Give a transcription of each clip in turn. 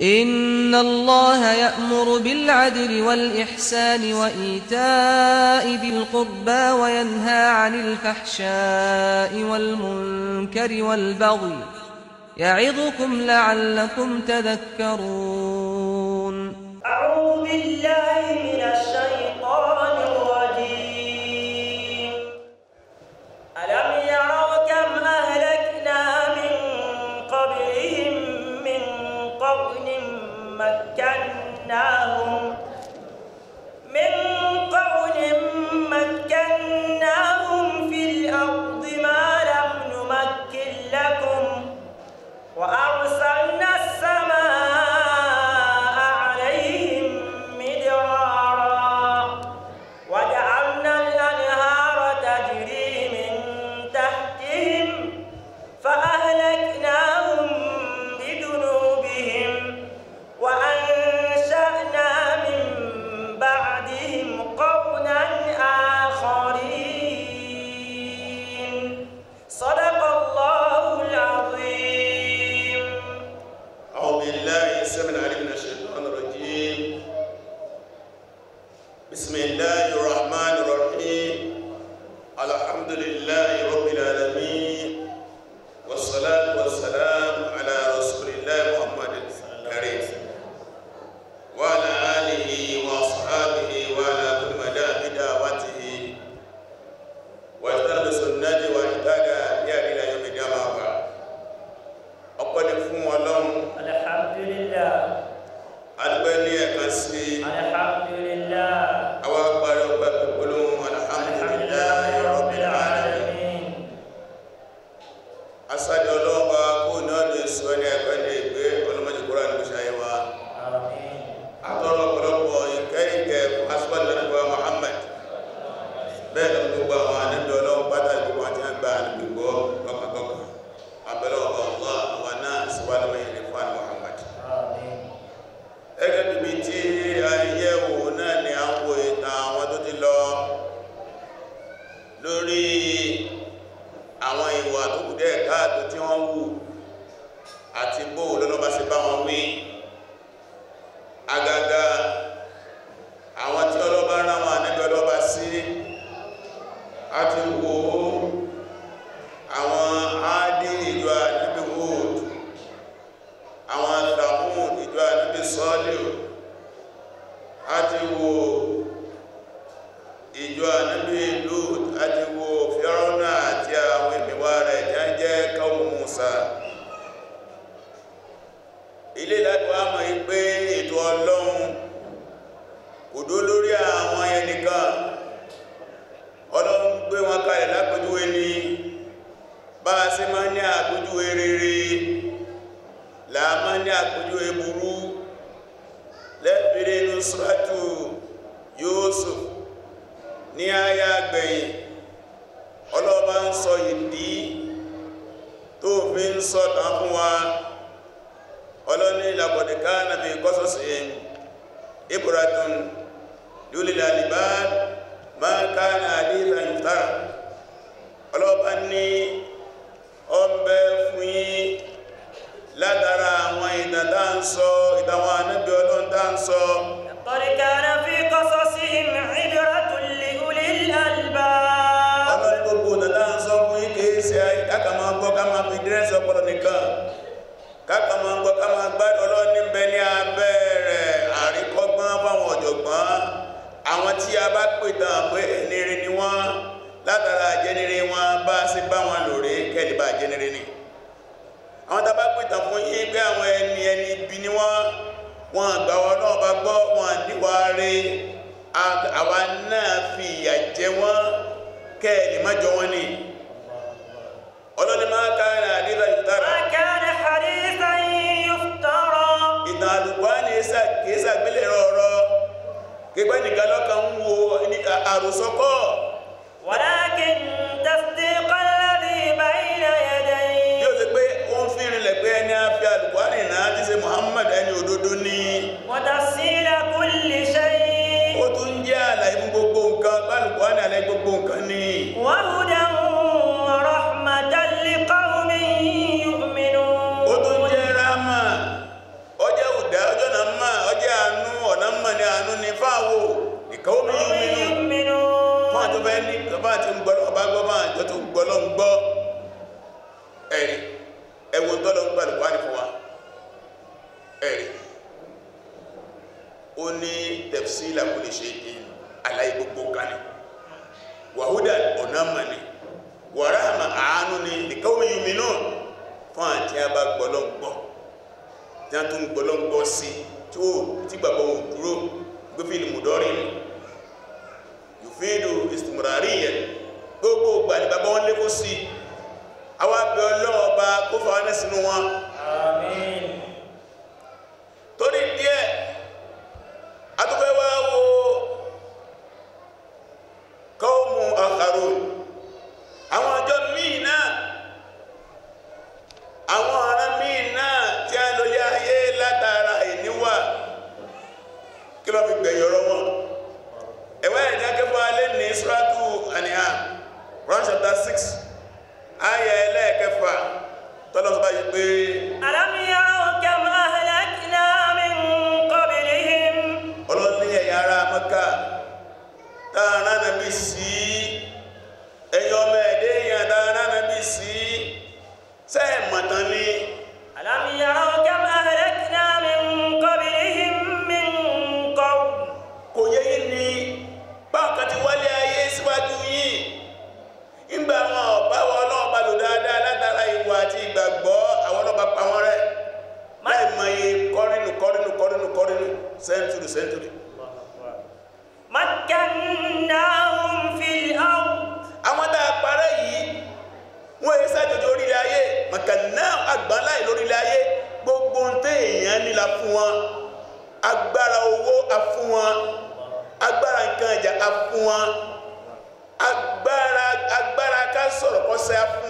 إن الله يأمر بالعدل والإحسان وإيتاء ذي القربى وينهى عن الفحشاء والمنكر والبغي يعظكم لعلكم تذكرون lórí àwọn ìwà tó kù díẹ̀ káàtó tí wọ́n wù àti bó lọ́lọ́bá ṣe bá wọn wí àgàgà àwọn tí ọlọ́bá rán wọn ànẹ́bẹ̀ ọlọ́bá sí àti sí máa ní ní àpèjúwe burú Yusuf ní àyà gbẹ̀yìn ọlọ́ba ń sọ ìdí tó fi ń sọ̀tàn fún wa ọlọ́ni ìlàbọ̀dẹ̀ká nàbí kọ́sọ̀sì ibratun lórí làlìbá máa ká ọlọ́ba ní ń bẹ fún yín látara àwọn ìdàdá ń sọ ìdáwọn ànábì ọlọ́run ń sọ fi kọ́sọ́ sí ìrìnrìnrìn tó lè ulé lálbà ọlọ́rin gbogbo dàdá ń sọ fún ike ṣe káka máa ń gbọ́ ká máa fi dírẹ́sì ọpọlọ nìkan káka máa ń gbọ́ ká máa gbá ọlọ́run níbẹ̀ ní abẹ́ rẹ̀ àwọn tí a bá pè tán pé ẹni ni wọ́n látara àjẹnire wọn bá ṣe bá wọn lòrè ajẹnire ni àwọn tàbá pìtàn fún yí pé àwọn ẹni ẹni ibi ni wọ́n wọ́n àgbà wọn náà bá gbọ́ wọn níwà rẹ̀ àwa náà fi ìyà jẹ wọ́n kẹ́ẹ̀lì májọ na ni ọlọ́ni máa káàrà àdílà ìtara ìtàn àdùkwá ní ìsàgbélẹ̀ rọrọ kígbẹ́ àlùkò àrìnà àti ṣe fíìlì mùdọ́rì yòfíìlù ìsìmùràrí yẹn gbogbo ìgbà ní bàbá wọn lékún sí àwọn abẹ ọlọ́ọ̀ba kó fa wọn nàbí sí ẹ̀yọ́ ọmọ ẹ̀dẹ́ èèyàn dáadáa nàbí sí sẹ́ẹ̀mọ̀tán ni alámiyàrá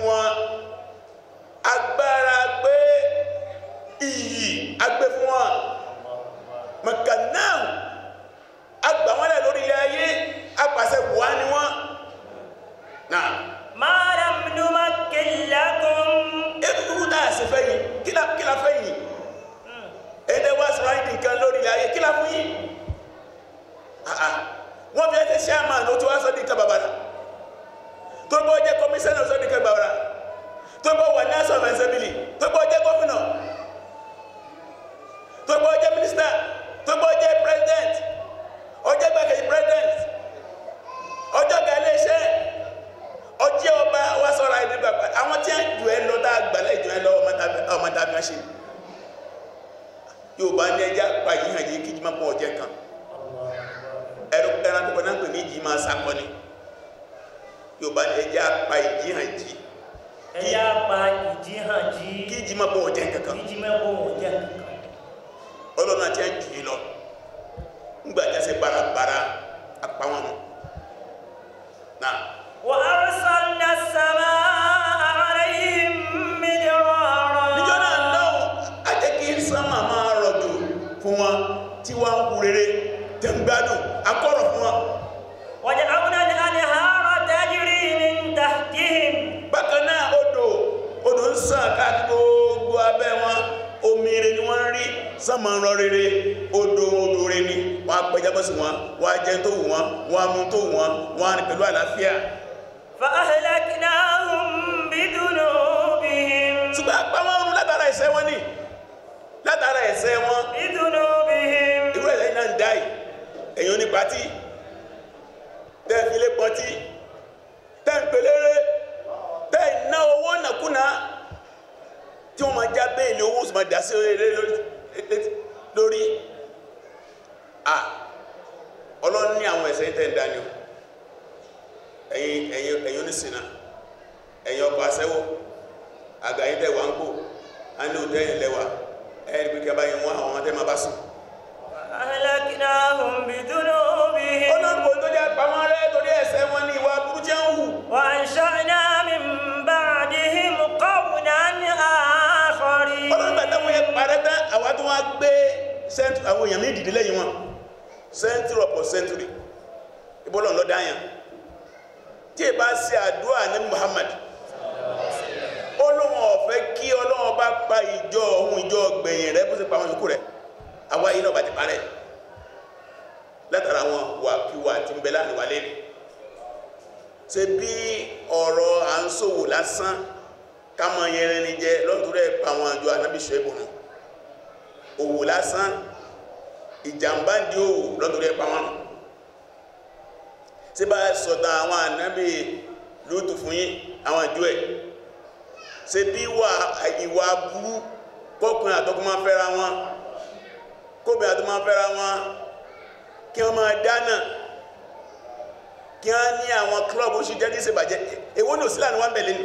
want. ìjìmá mọ́ ọ̀jẹ́ kan ẹran kọ̀kọ́ náà ni ní ìjìmá sakọni Yorùbá ní ẹjẹ́ apá ìjì hàn jì ẹjẹ́ apá ìjì hàn jì kí ìjìmá mọ́ ọ̀jẹ́ kankan ìjìmá mọ́ ọ̀jẹ́ kankan ọlọ́run àti ẹ̀jì lọ ńgbà jásẹ̀ bárabàra apá wọn sánmà ń rọ rere odò odò rẹ ni wọ́n á pẹja bọ́sì wọn wọ́n á jẹ tó wù wọn wọ́n á mu tó wù wọn wọ́n á rìn pẹ̀lú àlàáfíà. fàhálàkìnàhùn bìdùnú bìhìm. ṣùgbọ́n apá wọn rún látara ẹ̀ṣẹ̀ wọn ni látara ẹ̀ṣẹ̀ wọn. bìdùnú bìhìm. irú ẹ̀ṣẹ̀ yìí náà ń dá yìí èèyàn ní pati tẹ́ fi lé pọtí tẹ́ ń pelére tẹ́ ẹ̀ ná owó nàkúnà tí wọ́n máa já bẹ́ẹ̀lì owó sì máa dà sí eré lórí lórí à ọlọ́run ní àwọn ẹ̀ṣẹ̀ tẹ̀ ń dání o ẹ̀yin ẹ̀yin ẹ̀yin oníṣìnà ẹ̀yin ọkọ̀ àṣẹ́wó àgàyí tẹ̀wà ń kó a ní òtẹ́ ẹ̀yìn lẹ́wà ẹ̀yìn pé kẹba yìí wọ́n àwọn tẹ́ ma bá sùn ọlọ́pọ̀ tó jẹ́ pàmọ́ rẹ̀ torí ẹ̀ṣẹ̀ wọn ní tó wá gbé àwọn èèyàn méjì dílé yìí wọn century upon century ìbọ́lọ̀ lọ́dá yàn tí è bá ṣe àdúrà ní Muhammad olóhun ọ̀fẹ́ kí Ọlọ́run bá pa ìjọ ohun ìjọ gbẹ̀yìn rẹ̀ bó sì pa àwọn ìṣòkú rẹ̀ àwa yìí náà bá ti parẹ́ látara wọn wà kí wà tí ń bẹ láàrin wà lẹ́nu ṣe bí ọ̀rọ̀ à ń ṣòwò lásán ká mọ yẹrin ni jẹ lọ́dún rẹ̀ pa àwọn àjọ ànábìṣẹ́ ìbùnú òwò lásán ìjàmbá ń di òwò lọ́tọ̀rí ẹpa wọn tí bá sọ̀tà àwọn ànábì lóòtù fún yí àwọn ìjọ ẹ̀ ṣe bí ìwà burú kọkùnrin àtọkùn máa fẹ́ra wọn kóbìn àtọkùn máa fẹ́ra wọn kí wọ́n máa dáná kí wọ́n ní àwọn klọ́ọ̀bù oṣù jẹ́ ní ìṣèbàjẹ́ èwo ní òsílà ní wọ́n bẹ̀lẹ̀ ni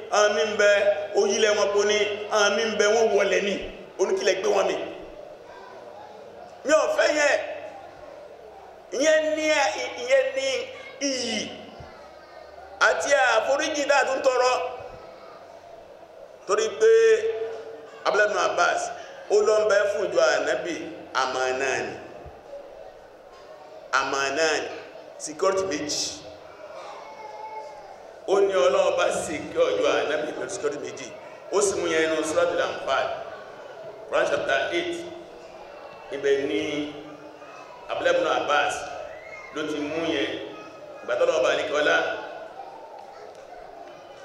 àwọn míì ń bẹ oyílẹ̀ wọn po ní àwọn míì ń bẹ wọn wọlé ní oníkìlẹ̀ gbé wọn mi mi ò fẹ́ yẹn ìyẹn ní ìyẹn ní iyì àti àforíjì náà tó ń tọrọ torí pé abúlẹ́nu Abbas ó lọ ń bẹ fún ìjọ ànábì àmà náà ni àmà náà ni security méjì ó ní ọlọ́ọ̀bá sì kí ọjọ́ ànábì pẹ̀lú síkọ́dù méjì ó sì mú yẹn inú suratul Anfal Quran chapter 8 ibẹ̀ ní abúlẹ́bùnú Abbas ló ti mú yẹn ìgbàtọ́lọ̀ ọba àníkọ́lá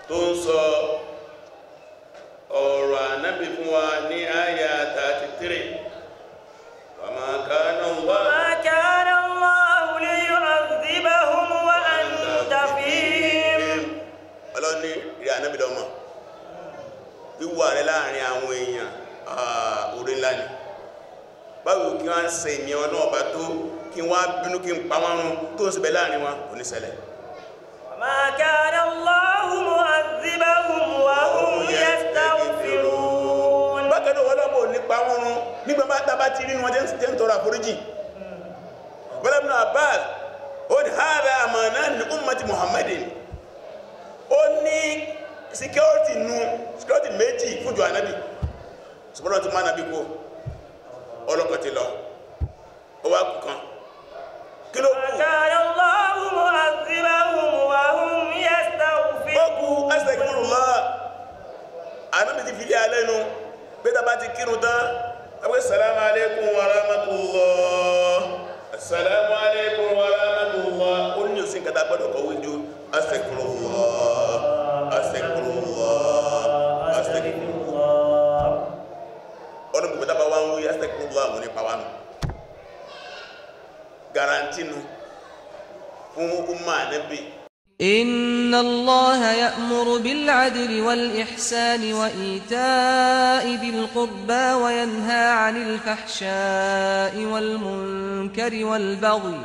tó ń sọ ọ̀rọ̀ ànábì fún wa ní ayé se ìmì ọlọ́wọ́ bá tó kí wá bínú kí n pa wọn rún tó ń síbẹ̀ láàrin wọn ma kana Allahu mu'adhibahum wa hum yastaghfirun bákanáà wọ́n lọ́pọ̀ nípa wọn rún nígbà bá tábà ti rí wọn jẹ́ ń tọrọ àforíjì hmm. bọ́lá ibn Abbas ó ní hada amanat li ummati Muhammadin ó ní security nu security méjì fújọ anábì ṣùgbọ́n tó má nàbí kó ọlọ́kọ̀ ti lọ ọwọ́ àkù kan kí ló kù. àkàrà ọlọ́run àzìláhùn wà hùn yẹ́sà òfin. ó kù ẹsẹ̀ kúrò mọ́ àánú mi ti fi lé alẹ́ nu pé tá a bá ti kírun tán ẹgbẹ́ sàlámù alẹ́kùn warahmatullah sàlámù alẹ́kùn warahmatullah ó ní òsín kata gbọ́dọ̀ kọ́ wíjú ẹsẹ̀ kúrò mọ́ ẹsẹ̀ kúrò wá ń wí ẹsẹ̀ kúrò mọ́ àwọn إن الله يأمر بالعدل والإحسان وإيتاء ذي القربى وينهى عن الفحشاء والمنكر والبغي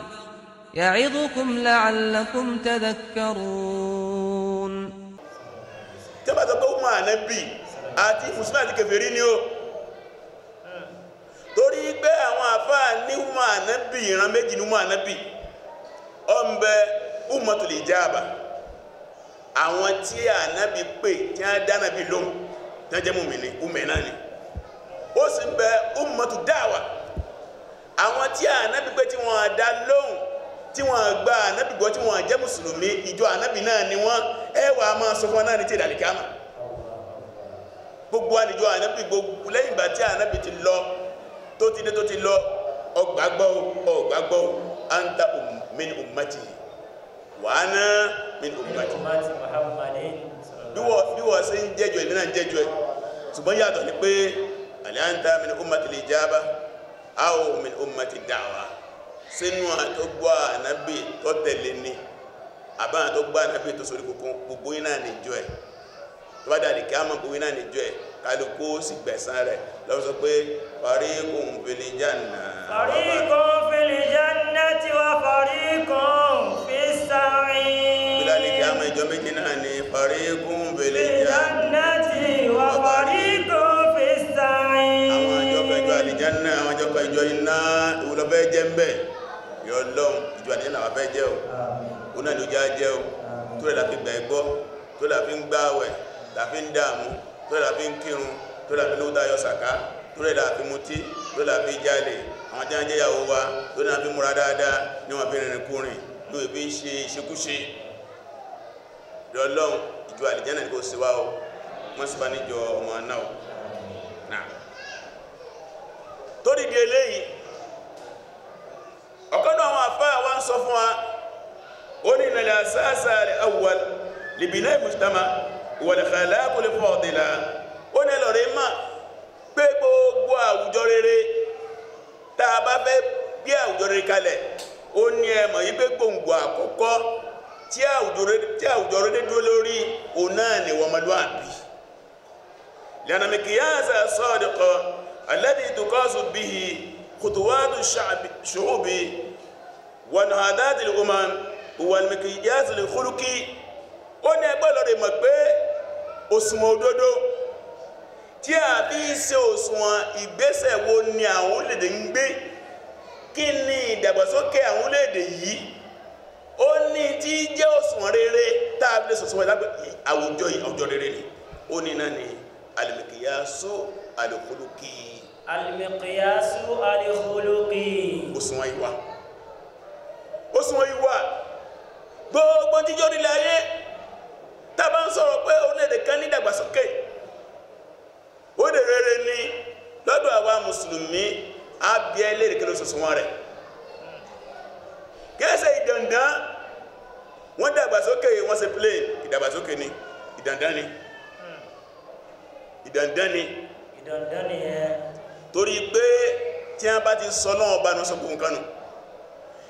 يعظكم لعلكم تذكرون تبا تبا نبي آتي مسلم كفرين يو àfáà ní umar anabi ìran méjì ní umar anabi ọ̀nbẹ ummatul ijaba àwọn tí ànábi pè tí a dánábi lóhùn tí a jẹ́ mùmínì umẹ̀ náà ni ó sì ń bẹ ummatu dáwà àwọn tí ànábi pé ti wọ́n dá lóhùn tí wọ́n gba ànábi gbọ́ tí wọ́n jẹ́ mùsùlùmí ìjọ ànábi náà ni wọ́n ẹwà máa sọ fún náà ní tí ìdàlìkámà gbogbo àníjọ ànábi gbogbo lẹ́yìn ìgbà tí ànábi ti lọ tó ti dé tó ti lọ ọgbàgbọ́ ọgbàgbọ́ anta um, min ummati wa min ummati bí wọ́n sí ń jẹ́jọ́ ìlú náà jẹ́jọ́ ẹ̀ ṣùgbọ́n yàtọ̀ ni pé àlẹ́ min ummati lè jábá aw min ummati da'wa sínú àtọ́gbọ́ ànábì tó tẹ̀lé ni àbá àtọ́gbọ́ ànábì tó sórí gbogbo iná nìjọ ẹ̀ tó bá dàdì kí á mọ̀ gbogbo iná nìjọ ẹ̀ kálukú sì gbẹ̀san Fariqun fil jannati wa fariqun fis sa'ir. Bíláàlì fil jannati wa fariqun fis sa'ir. Àwọn àjọpọ̀ ìjọ àlìjánná, àwọn àjọpọ̀ ìjọ iná, ìwòlọ́fẹ́ jẹ́ ń bẹ̀. Yọ lọ́hùn, ìjọ àlìjánná wà fẹ́ jẹ́ o. Òun náà ló já jẹ́ o. Tó rẹ̀ láfi gbà ẹgbọ́, tó láfi ń gbáwẹ̀, láfi ń dààmú, tó sàká, tó rẹ̀ láfi mutí, àwọn tí wọ́n jẹ́ ìyàwó wa lórí náà fi múra dáadáa ní wọn fi rìnrìn kúrin lórí fi ṣe ṣekúṣe lọ́lọ́run ìjọ àlìjánà kò sí wa o wọ́n sì bá níjọ ọmọ náà náà tó dìde eléyìí ọ̀kan náà àwọn àfáà wa sọ fún wa ó ní ìnàlẹ̀ àsáàsà rẹ̀ awwal libina mujtama ìwàlẹ̀kàlẹ́ àkọlẹ̀ fọ́ọ̀dẹ̀lá ó ní ẹlọ́rẹ̀ mà pé gbogbo àwùjọ rere tá a bá fẹ́ gbé àwùjọ rere kalẹ̀ ó ní ẹ mọ̀ yí pé gbòǹgbò àkọ́kọ́ tí àwùjọ rere dúró lórí òun náà ni wọ́n ọmọlúwàbí lẹ́nà mìkìyànsà sọ́ọ̀dẹ̀kọ́ alẹ́dì ìdùkọ́sù bí i kùtùwádù ṣòhùbí wọn àdáàdì lùkùnmán wọn mìkìyànsà lùkùnrùkì ó ní ẹgbẹ́ lọ́rẹ̀ mọ̀ pé òsùnmọ̀ òdodo tí a bí ṣe òṣùwọ̀n ìgbésẹ̀ wo ni àwọn orílẹ̀-èdè ń gbé kí ni ìdàgbàsókè àwọn orílẹ̀-èdè yìí ó ní tí jẹ́ òṣùwọ̀n rere tá a àwùjọ àwùjọ rere ni ó ní náà ni alìmìkìyàsó alìkúlùkì alìmìkìyàsó alìkúlùkì òṣùwọ̀n ìwà òṣùwọ̀n ìwà gbogbo jíjọ́ nílẹ̀ ayé tá a bá ń sọ̀rọ̀ ó lè rere ní lọ́dọ̀ àwa mùsùlùmí ábíẹ́ lérí kí ló sọ wọn rẹ̀ gẹ́ẹ̀sẹ̀ ìdàndán wọ́n dàgbàsókè wọ́n ṣe plane ni ìdàndán ni ìdàndán ni ìdàndán ni ẹ torí pé tí a bá ti sọ náà bá ní sọpọ̀ tí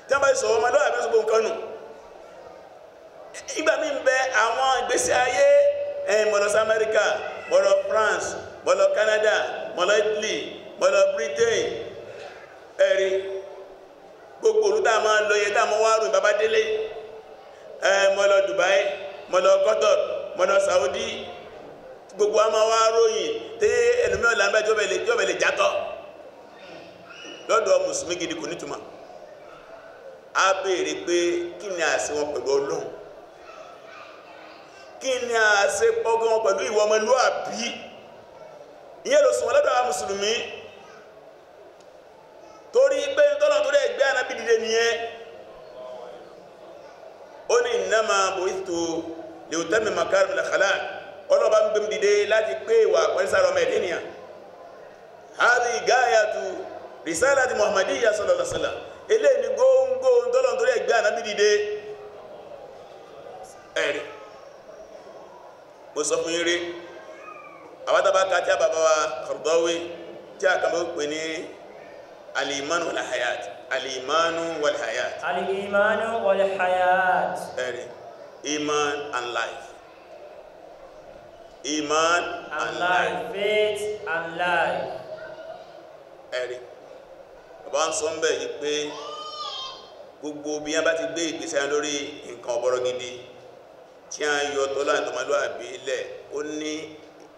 ti sọ àbí France mo Canada mo Italy mo Britain ẹ̀rí gbogbo olú tá a máa lọ yẹ tá babadélé mo Dubai mo Qatar mo Saudi gbogbo a máa wá ròyìn tí ẹlòmíràn lànà jọbẹ̀ lè jàtọ̀ lọ́dọ̀ mùsùlùmí gidi kò nítumọ̀ a béèrè pé kí ni àṣẹ wọn pẹ̀lú Ọlọ́run kí ni àṣẹ pọ́gán pẹ̀lú ìwọ ìyẹn ló sùn wọn lọ́dọ̀ àwọn mùsùlùmí torí pé tọ́lọ̀ tó dẹ̀ gbé ànábì dìde nìyẹn ó ní innama bu'ithtu li utammima makarimal akhlaq ọlọ́ba ń gbẹ̀m dìde láti pé ìwà àpẹẹsàrọ̀ ọmọ ẹ̀dẹ́ nìyà hadhi gayatu risalati muhammadiyya sallallahu alaihi mo sọ fún yín àwọn tàbá ká tí a bàbá wa Qaradawi tí a kàmọ́ pè ní alìmánu wàlhayat alìmánu wàlhayat alìmánu wàlhayat ẹ̀rẹ̀ iman and life iman and life faith and life ẹ̀rẹ̀ bàbá ń sọ gbogbo bí wọ́n bá ti gbé ìgbésẹ̀ lórí nǹkan ọ̀bọ̀rọ̀ gidi tí a yọ tọ́lá ìtọ́mọlúwàbí ilẹ̀ ó ní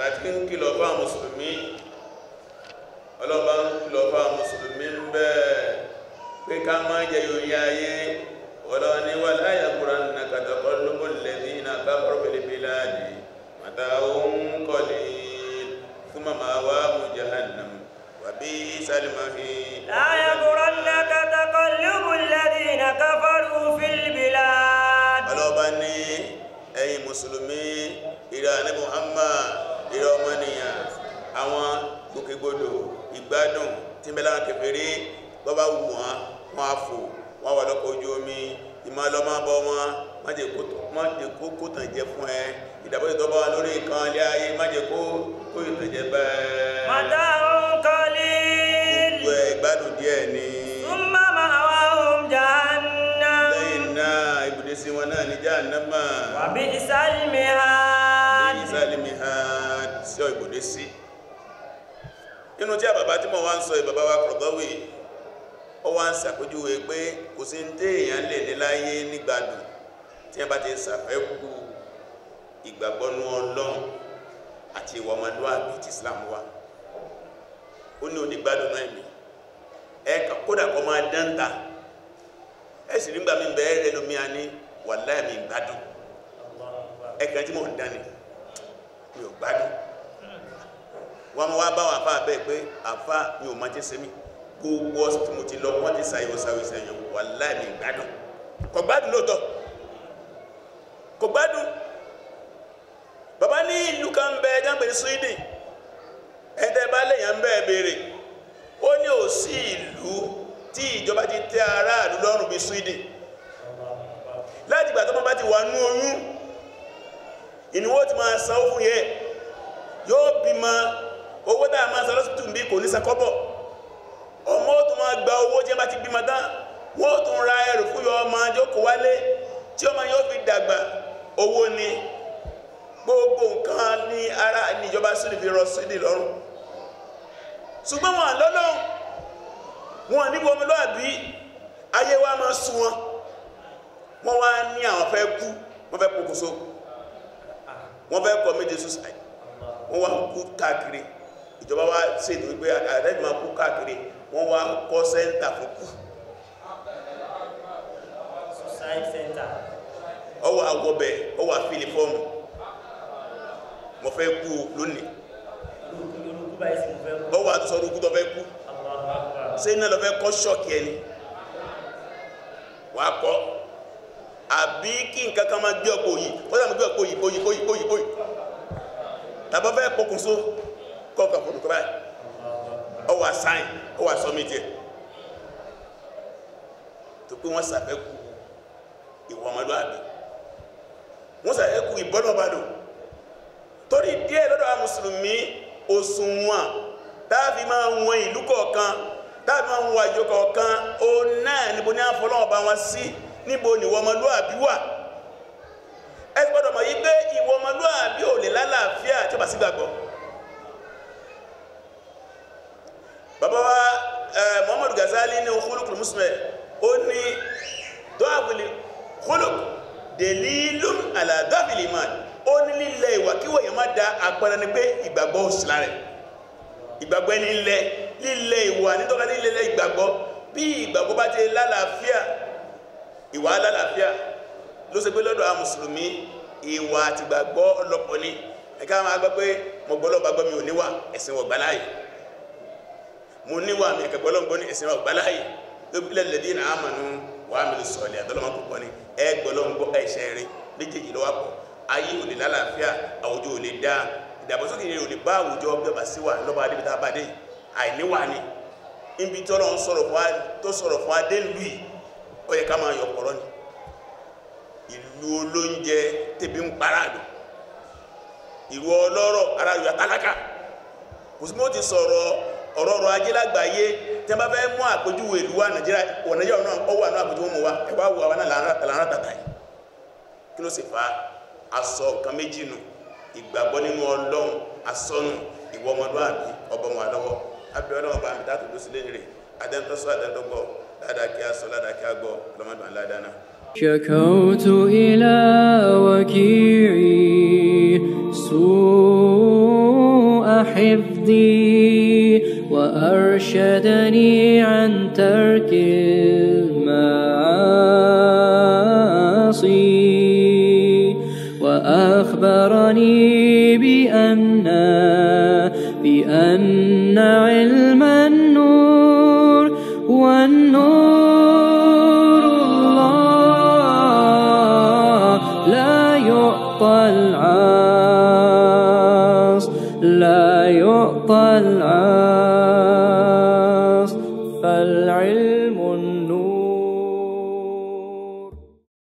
ìgbà tí ń kìlọ̀ fáwọn mùsùlùmí ọlọ́ba ń kìlọ̀ fáwọn mùsùlùmí ń bẹ́ẹ̀ pé ká má jẹ yòóyá ayé ọlọ́ni wà láyà kúrò nínú kàtàkọ́ lóko lẹ́ni iná káfọ́ pèlébé láàdì màtà òun kọ́lé fún màmá wa mú jahannam wàbí sálímàfí. láyà kúrò nínú kàtàkọ́ lóko lẹ́ni iná káfọ́ pèlébé láàdì. ọlọ́ba ní ẹ̀yin mùsùlùmí ìrànlẹ́ Muhammad ìrọ̀ ọmọnìyàn àwọn gbòkègbodò ìgbádùn tí mẹ́lá kèfèrí bọ́bá wù wọ́n wọ́n á fò wọ́n wà lọ́kọ̀ ojú omi ìmọ̀ ọlọ́mọ bọ́ wọn má jẹ́ kó tàn jẹ fún ẹ ìdàbọ̀dẹ̀ tó bá wọn lórí nǹkan ilé ayé má kó ìtàn jẹ bẹ́ẹ̀. màdá òun kọ́ ní. gbogbo ẹ̀ ìgbádùn díẹ̀ ni. ń má máa wá òun jà á ná. lẹ́yìn náà ibùdó sí wọn náà ní jahannama. wàbí ìsálìmí ha. ìzálẹ́mìhàn tí a bàbá tí mọ̀ sọ ìbàbá wa kọ̀gọ́wì ó wá ń pé kò sí ń dé lè tí a bá ti sàfẹ́kù ìgbàgbọ́nú ọlọ́run àti ìwà ọmọlúwàbí ti Islam wa ó ní onígbàdùn náà mi ẹ kódà kọ máa dáńtà ẹ sì nígbà mi bẹ́ẹ̀ rẹ lómi mi ò gbádùn wọ́n wá bá wà pé àfá mi ò máa jẹ́ sẹ́mi gbogbo ọ̀sẹ̀ mo ti lọ wọ́n ti wà láì mi gbádùn kò gbádùn lóòótọ́ kò gbádùn bàbá ní ìlú kan bẹ jáǹpẹ̀ ní Sweden ẹ̀ẹ́dẹ́ bá béèrè ó ní ò sí ìlú tí ìjọba ti aráàlú bí láti tó bá ti wà nú oyún ìníwó ti máa san ó fún yẹ ma bímọ owó tá a máa san lọ́sítù bí kò ní san ọmọ ó gba owó jẹ́ bá ti bímọ tán wọ́n ó tún ra ẹrù fún yọ ọmọ jókòó wálé tí ọmọ yóò fi dàgbà owó ni gbogbo nǹkan ní ara níjọba sílì fi rọ lọ́rùn ṣùgbọ́n wọn wọn ayé wa máa sún wọn wọn wá ní àwọn fẹ́ kú wọn fẹ́ pokùnso wọ́n fẹ́ commit suicide wọ́n wá kú káàkiri ìjọba wá ṣètò wípé àdájọ́ máa kú káàkiri wọ́n wá kọ sẹ́ńtà fún kú suicide center ọwọ́ àwọ̀bẹ̀ ọwọ́ àfíìlì fọ́ọ̀mù mọ̀ fẹ́ kú lónìí ọwọ́ àtúsọ̀rọ̀ tó kú sẹ́yìn náà lọ fẹ́ kọ́ ṣọ́ọ̀kì ẹni kọ́ àbí kí nǹkan kan máa gbé ọ̀pọ̀ yìí ó dàbí gbé ọ̀pọ̀ yìí bóyì bóyì bóyì bóyì tàbí fẹ́ pokùnso kọ̀ọ̀kan fún ìtura yìí ó wà sáìn ó wà sọ́mìtì ẹ̀ tó pé wọ́n sàfẹ́kù ìwà ọmọlúwàbí wọ́n sàfẹ́kù ìbọ́dọ̀bàdọ̀ torí díẹ̀ lọ́dọ̀ àwọn mùsùlùmí òṣùwọ̀n máa ń ìlú kọ̀ọ̀kan máa ń wọ kọ̀ọ̀kan òun náà níbo ní àfọlọ́ọ̀bá wọn sí níbo ni ìwọmọlúàbí wà ẹ gbọ́dọ̀ mọ̀ yí pé ìwọmọlúàbí ò lè lálàáfíà tí ó bá sí gbàgbọ́ bàbá wa Muhammadu Ghazali ní khulukul muslim ó ní dọ́àbìlì khuluk delilun ala dọ́àbìlì iman ó ní lílẹ̀ ìwàkíwọ̀ èèyàn má da àpẹẹrẹ ni pé ìgbàgbọ́ òṣìlá rẹ̀ ìgbàgbọ́ ẹni lílẹ̀ ìwà nítorí lílẹ̀ ìgbàgbọ́ bí ìgbàgbọ́ bá ti lálàáfíà ìwà alálàáfíà ló ṣe pé lọ́dọ̀ a mùsùlùmí ìwà àti gbàgbọ́ ọlọ́pọ̀ ni ẹ̀ká máa gbọ́ pé mo gbọ́ lọ́ba gbọ́ mi ò níwà ẹ̀sìn wọ̀ gbáláyé mo níwà mi ẹ̀kẹ́ gbọ́ lọ́gbọ́ ní ẹ̀sìn wọ̀ gbáláyé tó bí lẹ́lẹ́dí ìnà àmànú wà á mìlú sọ̀lẹ̀ àtọ́lọ́mọ́ púpọ̀ ni ẹ gbọ́ lọ́gbọ́ ẹ̀ṣẹ̀ rẹ méjèèjì lọ́wọ́ pọ̀ ayé ò lè lálàáfíà àwùjọ ò lè dáa ìdàgbàsókè rẹ ò ni ibi tọ́lọ́ ń sọ̀rọ̀ fún adé lùí ó yẹ ká máa yọ pọ̀rọ̀ ìlú olóúnjẹ tẹ́bí ń paráàlù ìlú ọlọ́rọ̀ aráàlù àtàlákà kò sí mọ́ ti sọ̀rọ̀ ọ̀rọ̀ ajé lágbàáyé tẹ́ bá fẹ́ mú àpèjúwe ìlú wa nàìjíríà wọ̀ nàìjíríà náà ọwọ́ àná àpèjúwe mọ̀ wa wọ àwọn àlànà tàtà yìí kí ló fa aṣọ nǹkan méjì nù ìgbàgbọ́ nínú ọlọ́run asọ́nù ìwọ àbí àlọ́wọ́ abẹ́ ọlọ́run bá شكوت إلى وكيعي سوء حفظي وأرشدني عن ترك المعاصي وأخبرني بأن بأن علم